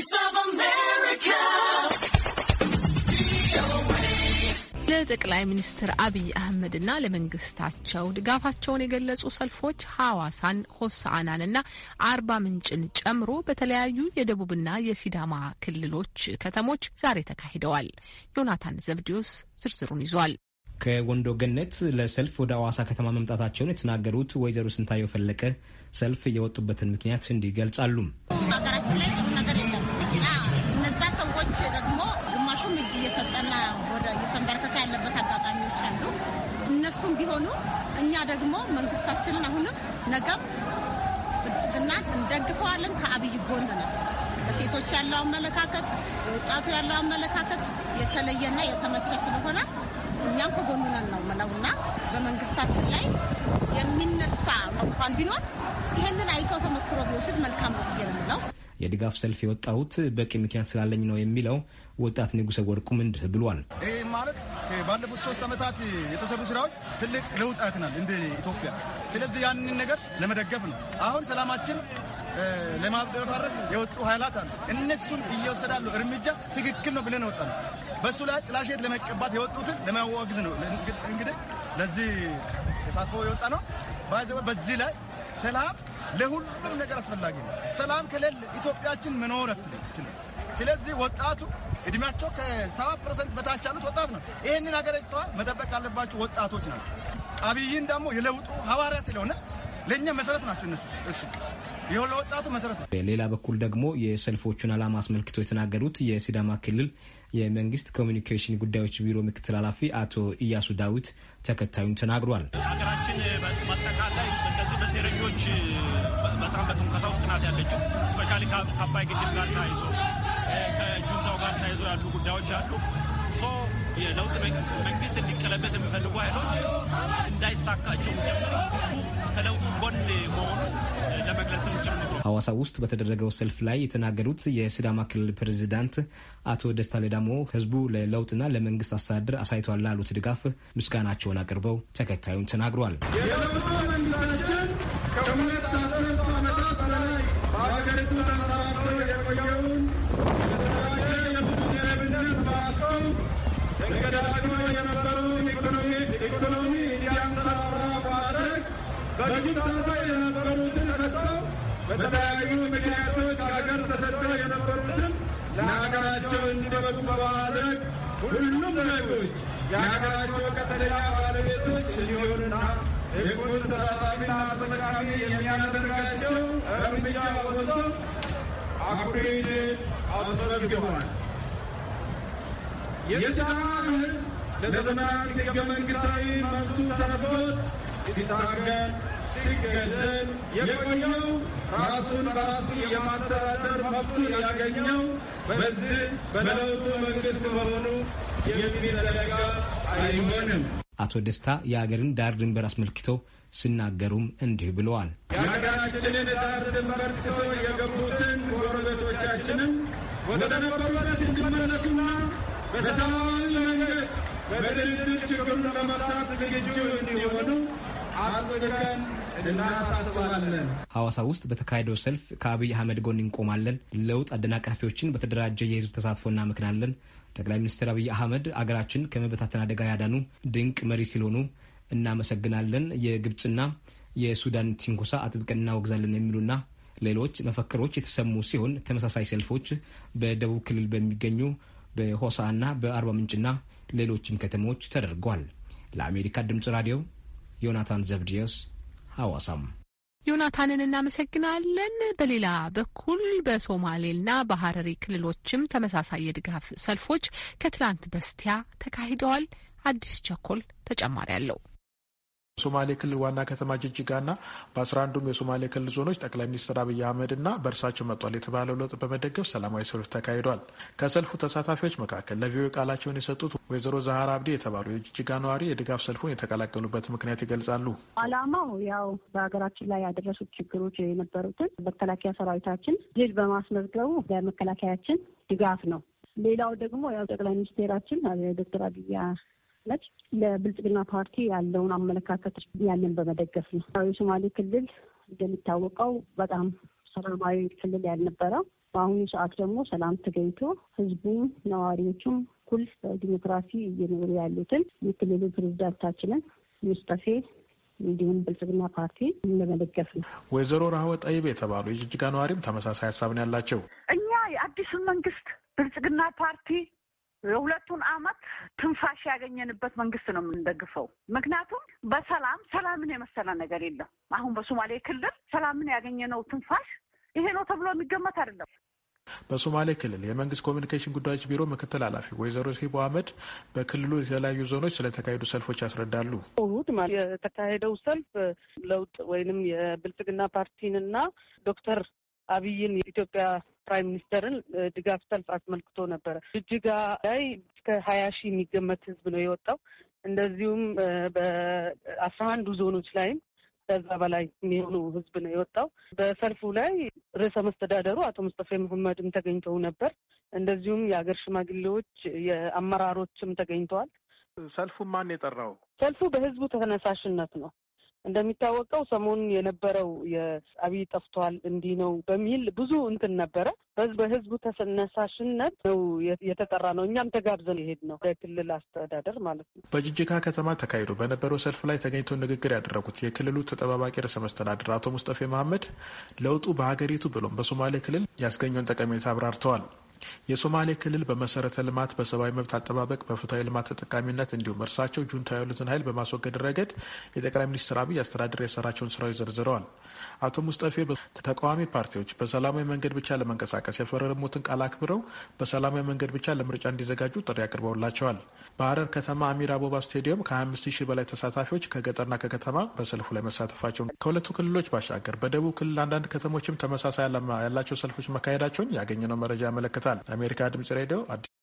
Voice of America. ለጠቅላይ ሚኒስትር አብይ አህመድና ለመንግስታቸው ድጋፋቸውን የገለጹ ሰልፎች ሐዋሳን፣ ሆሳአናንና አርባ ምንጭን ጨምሮ በተለያዩ የደቡብና የሲዳማ ክልሎች ከተሞች ዛሬ ተካሂደዋል። ዮናታን ዘብዲዮስ ዝርዝሩን ይዟል። ከወንዶ ገነት ለሰልፍ ወደ ሐዋሳ ከተማ መምጣታቸውን የተናገሩት ወይዘሮ ስንታየው ፈለቀ ሰልፍ የወጡበትን ምክንያት እንዲገልጻሉ። ስለሆኑ እኛ ደግሞ መንግስታችንን አሁንም ነገም ብልጽግናን እንደግፈዋለን። ከአብይ ጎን ነው። ለሴቶች ያለው አመለካከት፣ ወጣቱ ያለው አመለካከት የተለየና የተመቸ ስለሆነ እኛም ከጎኑ ነን ነው የምለውና በመንግስታችን ላይ የሚነሳ እንኳን ቢኖር ይህንን አይተው ተመክሮ ቢወስድ መልካም ነው ብዬ ነው ምለው። የድጋፍ ሰልፍ የወጣሁት በቂ ምክንያት ስላለኝ ነው የሚለው ወጣት ንጉሰ ወርቁም እንድህ ብሏል። ይህ ማለት ባለፉት ሶስት ዓመታት የተሰሩ ስራዎች ትልቅ ለውጥ አይተናል እንደ ኢትዮጵያ። ስለዚህ ያንን ነገር ለመደገፍ ነው አሁን ሰላማችን ለማደፈረስ የወጡ ኃይላት አሉ። እነሱን እየወሰዳሉ እርምጃ ትክክል ነው ብለን ወጣ ነው። በእሱ ላይ ጥላሸት ለመቀባት የወጡትን ለማወግዝ ነው። እንግዲህ ለዚህ ተሳትፎ የወጣ ነው። በዚህ ላይ ሰላም ለሁሉም ነገር አስፈላጊ ነው። ሰላም ከሌለ ኢትዮጵያችን መኖር አትችልም። ስለዚህ ወጣቱ እድሜያቸው ከሰባ ፐርሰንት በታች ያሉት ወጣት ነው። ይህንን ሀገሪቷ መጠበቅ ያለባቸው ወጣቶች ናቸው። አብይን ደግሞ የለውጡ ሐዋርያ ስለሆነ ለእኛ መሰረት ናቸው እነሱ እሱ ይኸው ለወጣቱ መሰረት ነው። በሌላ በኩል ደግሞ የሰልፎቹን ዓላማ አስመልክቶ የተናገሩት የሲዳማ ክልል የመንግስት ኮሚኒኬሽን ጉዳዮች ቢሮ ምክትል ኃላፊ አቶ ኢያሱ ዳዊት ተከታዩን ተናግሯል። ሀገራችን በአጠቃላይ እንደዚህ በሴረኞች በጣም በትንከሳ ውስጥ ናት ያለችው። ስፔሻሊ ከአባይ ግድብ ጋር ተያይዞ ከጁንታው ጋር ተያይዞ ያሉ ጉዳዮች አሉ። የለውጥ መንግስት እንዲቀለበስ የሚፈልጉ ኃይሎች እንዳይሳካቸው ጭምር ህዝቡ ከለውጡ ጎን መሆኑን ለመግለጽም ጭምር ሐዋሳ ውስጥ በተደረገው ሰልፍ ላይ የተናገሩት የስዳማ ክልል ፕሬዚዳንት አቶ ደስታ ሌዳሞ ህዝቡ ለለውጥና ለመንግስት አስተዳደር አሳይቷል ላሉት ድጋፍ ምስጋናቸውን አቅርበው ተከታዩን ተናግሯል። ከሁለት አስርት ዓመታት በላይ በሀገሪቱ ተንሰራፍቶ የቆየውን በገንዘብ በአስተው ተገዳዳሪ የነበረውን ኢኮኖሚ እንዲያንሰራራ ማድረግ በግድ ተሰይ የነበሩትን ፈጥተው በተለያዩ ምክንያቶች ሀገር ተሰደው የነበሩትን ለሀገራቸው እንዲበቁ በማድረግ ሁሉም ዜጎች የሀገራቸው ቀጥተኛ ባለቤቶች እንዲሆኑና የሕጉን ተሳታፊና ተጠቃሚ የሚያደርጋቸው እርምጃ ወስዶ አኩሪ አስመዝግቧል። የሲዳማ ሕዝብ ለዘመናት መብቱ ተነፍጎት ሲታገል ሲገደል የቆየው ራሱን በራሱ የማስተዳደር መብቱ ያገኘው በዚህ በለውጡ መንግስት መሆኑ የሚዘነጋ አይሆንም። አቶ ደስታ የሀገርን ዳር ድንበር አስመልክተው ሲናገሩም እንዲህ ብለዋል። የሀገራችንን ዳር ድንበር ጥሰው የገቡትን ጎረቤቶቻችንን ወደ ነበሩበት እንዲመለሱ በሰላማዊ መንገድ በድርድር ችግሩን ለመፍታት ዝግጁ እንዲሆኑ አጥብቀን እናሳስባለን። ሐዋሳ ውስጥ በተካሄደው ሰልፍ ከአብይ አህመድ ጎን እንቆማለን፣ ለውጥ አደናቃፊዎችን በተደራጀ የህዝብ ተሳትፎ እናመክናለን፣ ጠቅላይ ሚኒስትር አብይ አህመድ አገራችን ከመበታተን አደጋ ያዳኑ ድንቅ መሪ ሲልሆኑ እናመሰግናለን፣ የግብፅና የሱዳን ትንኮሳ አጥብቀን እናወግዛለን የሚሉና ሌሎች መፈክሮች የተሰሙ ሲሆን ተመሳሳይ ሰልፎች በደቡብ ክልል በሚገኙ በሆሳና በአርባ ምንጭና ሌሎችም ከተሞች ተደርጓል። ለአሜሪካ ድምጽ ራዲዮ ዮናታን ዘብዲዮስ ሐዋሳም ዮናታንን እናመሰግናለን። በሌላ በኩል በሶማሌና በሀረሪ ክልሎችም ተመሳሳይ የድጋፍ ሰልፎች ከትላንት በስቲያ ተካሂደዋል። አዲስ ቸኮል ተጨማሪ አለው። ሶማሌ ክልል ዋና ከተማ ጅጅጋና በ11ዱም የሶማሌ ክልል ዞኖች ጠቅላይ ሚኒስትር አብይ አህመድና በእርሳቸው መጧል የተባለው ለውጥ በመደገፍ ሰላማዊ ሰልፍ ተካሂዷል። ከሰልፉ ተሳታፊዎች መካከል ለቪኦኤ ቃላቸውን የሰጡት ወይዘሮ ዛህራ አብዲ የተባሉ የጅጅጋ ነዋሪ የድጋፍ ሰልፉን የተቀላቀሉበት ምክንያት ይገልጻሉ። አላማው ያው በሀገራችን ላይ ያደረሱት ችግሮች የነበሩትን መከላከያ ሰራዊታችን ድል በማስመዝገቡ ለመከላከያችን ድጋፍ ነው። ሌላው ደግሞ ያው ጠቅላይ ሚኒስቴራችን ዶክተር አብይ ነች። ለብልጽግና ፓርቲ ያለውን አመለካከት ያንን በመደገፍ ነው። የሶማሌ ክልል እንደሚታወቀው በጣም ሰላማዊ ክልል ያልነበረው በአሁኑ ሰዓት ደግሞ ሰላም ተገኝቶ ህዝቡም ነዋሪዎቹም ኩል በዲሞክራሲ እየኖሩ ያሉትን የክልሉ ፕሬዚዳንታችንን ሙስጠፌ እንዲሁም ብልጽግና ፓርቲ ለመደገፍ ነው። ወይዘሮ ራህወ ጠይብ የተባሉ የጅጅጋ ነዋሪም ተመሳሳይ ሀሳብ ነው ያላቸው። እኛ የአዲሱን መንግስት ብልጽግና ፓርቲ የሁለቱን አመት ትንፋሽ ያገኘንበት መንግስት ነው የምንደግፈው። ምክንያቱም በሰላም ሰላምን የመሰለ ነገር የለም። አሁን በሶማሌ ክልል ሰላምን ያገኘነው ትንፋሽ ይሄ ነው ተብሎ የሚገመት አይደለም። በሶማሌ ክልል የመንግስት ኮሚኒኬሽን ጉዳዮች ቢሮ ምክትል ኃላፊ ወይዘሮ ሂቦ አህመድ በክልሉ የተለያዩ ዞኖች ስለተካሄዱ ሰልፎች ያስረዳሉ። እሁድ የተካሄደው ሰልፍ ለውጥ ወይንም የብልጽግና ፓርቲንና ዶክተር አብይን የኢትዮጵያ ፕራይም ሚኒስተርን ድጋፍ ሰልፍ አስመልክቶ ነበረ። ጅጅጋ ላይ እስከ ሀያ ሺህ የሚገመት ህዝብ ነው የወጣው። እንደዚሁም በአስራ አንዱ ዞኖች ላይም ከዛ በላይ የሚሆኑ ህዝብ ነው የወጣው። በሰልፉ ላይ ርዕሰ መስተዳደሩ አቶ ሙስጠፌ መሐመድም ተገኝተው ነበር። እንደዚሁም የሀገር ሽማግሌዎች የአመራሮችም ተገኝተዋል። ሰልፉ ማን የጠራው? ሰልፉ በህዝቡ ተነሳሽነት ነው። እንደሚታወቀው ሰሞኑን የነበረው የአብይ ጠፍቷል እንዲህ ነው በሚል ብዙ እንትን ነበረ። በህዝቡ ተነሳሽነት ነው የተጠራ ነው። እኛም ተጋብዘን የሄድ ነው የክልል አስተዳደር ማለት ነው። በጅጅጋ ከተማ ተካሂዶ በነበረው ሰልፍ ላይ ተገኝተው ንግግር ያደረጉት የክልሉ ተጠባባቂ ርዕሰ መስተዳድር አቶ ሙስጠፌ መሐመድ ለውጡ በሀገሪቱ ብሎም በሶማሌ ክልል ያስገኘውን ጠቀሜታ አብራርተዋል። የሶማሌ ክልል በመሰረተ ልማት፣ በሰብአዊ መብት አጠባበቅ፣ በፍትሐዊ ልማት ተጠቃሚነት እንዲሁም እርሳቸው ጁንታ ያሉትን ኃይል በማስወገድ ረገድ የጠቅላይ ሚኒስትር አብይ አስተዳደር የሰራቸውን ስራዎች ዘርዝረዋል። አቶ ሙስጠፌ ተቃዋሚ ፓርቲዎች በሰላማዊ መንገድ ብቻ ለመንቀሳቀስ የፈረሙትን ቃል አክብረው በሰላማዊ መንገድ ብቻ ለምርጫ እንዲዘጋጁ ጥሪ አቅርበውላቸዋል። በሀረር ከተማ አሚር አቦባ ስቴዲየም ከ25 ሺህ በላይ ተሳታፊዎች ከገጠርና ከከተማ በሰልፉ ላይ መሳተፋቸውን ከሁለቱ ክልሎች ባሻገር በደቡብ ክልል አንዳንድ ከተሞችም ተመሳሳይ ያላቸው ሰልፎች መካሄዳቸውን ያገኘነው መረጃ ያመለክታል። ይመለከታል። ለአሜሪካ ድምጽ ሬዲዮ አዲስ